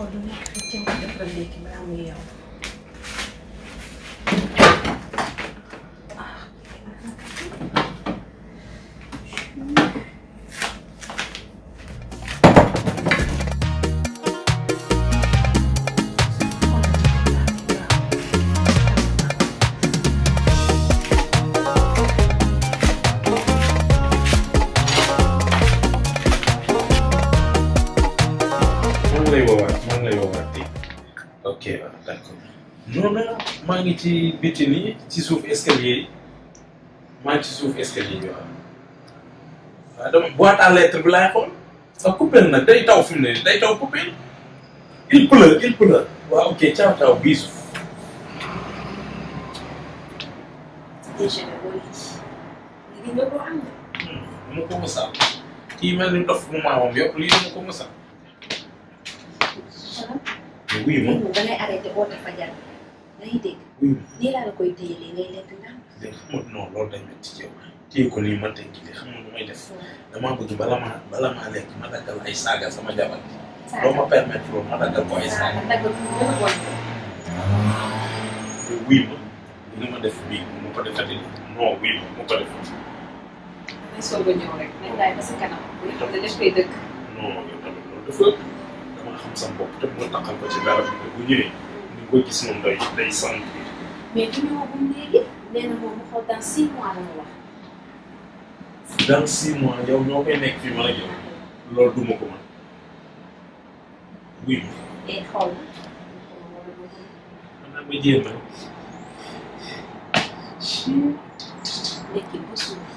xool du nekk fi jëm def la ndékki balaa muy yow Unbelievable. ok noonu maa ngi ci biti nii ci suuf escalier yi maa ngi ci suuf escalier yi waaw waaw dama boîte à lettres bi laay xool sa coupelle nag day taw fi ne day taw coupelle il pleut il pleut waaw ok ciao ciao mu hmm, ko mësal kii mel ni dof bu maamam yokk lii dama ko mësal wuyu ma da ngay arrêté oote fajar bi ngay dégg. wuyu ma nii laa la koy téyelee ngay lekk ndànk. léegi xam nga non loolu day métti ci yow téye ko nii man tey jii xam nga nu may def. damaa bëgg bala maa bala maa lekk ma daggal ay saaga sama jabar bi. saaga loo ma permettre loolu ma daggal ko ay saaga. daggal ko gën a bon. wuyu ma li ma def bii mu ko defati non wuyu ma mu ko def. may soog a ñëw rek. nañ laay ba sa kanam. bu ñu xam ne daf koy dëkk. non yow tamit loolu dafa. xam sama bopp te mu taxal ko ci dara bi bu ñëwee ni ko gis moom day day sant. mais ki ñu waxoon léegi nee na moom xool dans six mois la wax. dans six mois yow ñoo koy nekk fii man ak yow loolu duma ko mën wuyu. eh xool. maanaam ma jéem a. nekk bu suuf.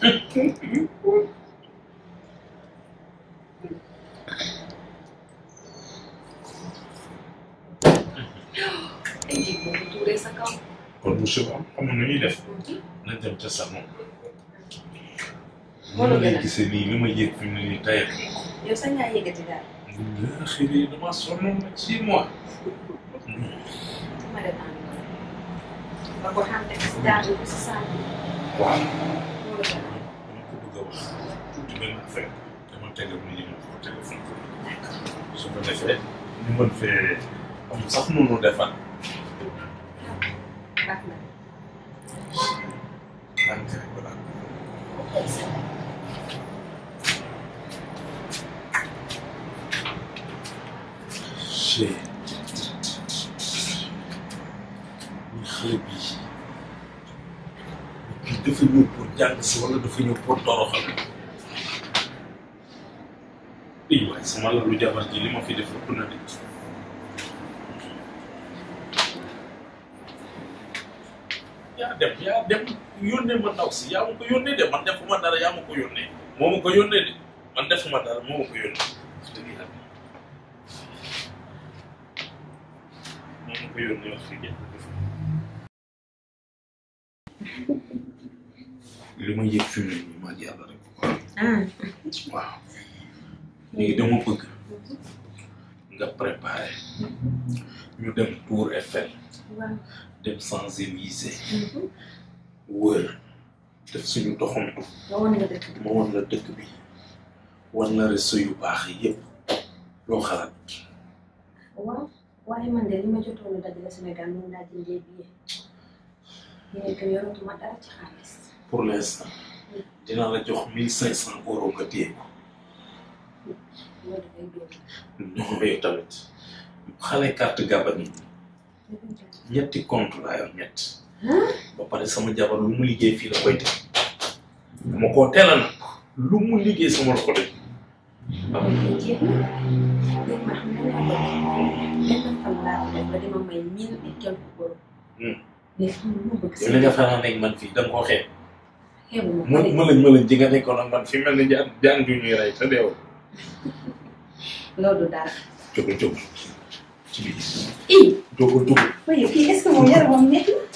kon monsieur am xamul nu ñuy def na dem ca salon. wala gën a gisee nii li fi mu ne nii tayal ma ko. yow sax ngaa yëgati daal. xëy na damaa sonnoon ma dem ba ko xam ne si daal bi si saa bi. fekk dama tege bu ñu ko téléphone su ko defee ñu mën fee am sax noonu defal. dafa ñëw pour jàng si wala dafa ñëw pour toroxal ii waaye sama lalu jabar ji li ma fi def ëpp na de yaa dem yaa dem yónnee ma yaa ma ko yónnee de man defuma dara yaa ma ko yónnee moo ma ko yónnee de man defuma ma ko moo ma ko yónnee li ma yëg fi mu ne nii maa ah. waaw léegi dama bëgg nga préparé ñu dem Tour Eiffel dem sensibiliser wër def suñu doxantu ma wan la dëkk bi wan la réseau yu baax yëpp loo xalaat waaye man de li ma jotoon a dajale Sénégal moom laa jëndee billet ñu pour l'instant dinaa la jox mille cinq cent euros nga téye du ko tamit xale carte gabani ñetti compte laa yor ñett ba pare sama jabar lu mu liggéey fii la koy teg dama koo teel nag lu mu liggéey sama la ko teg waaw yow nga fanaan ak man fii da nga koo xeeb mëlañ mëlañ ji nga nekkoon ak man fi mel ni jaan jaan ju ñuy rey te deewul loolu daal. jógal jógal ci biir. ii. jógal jógal. waaye kii est-ce que moom yaramam nekk na.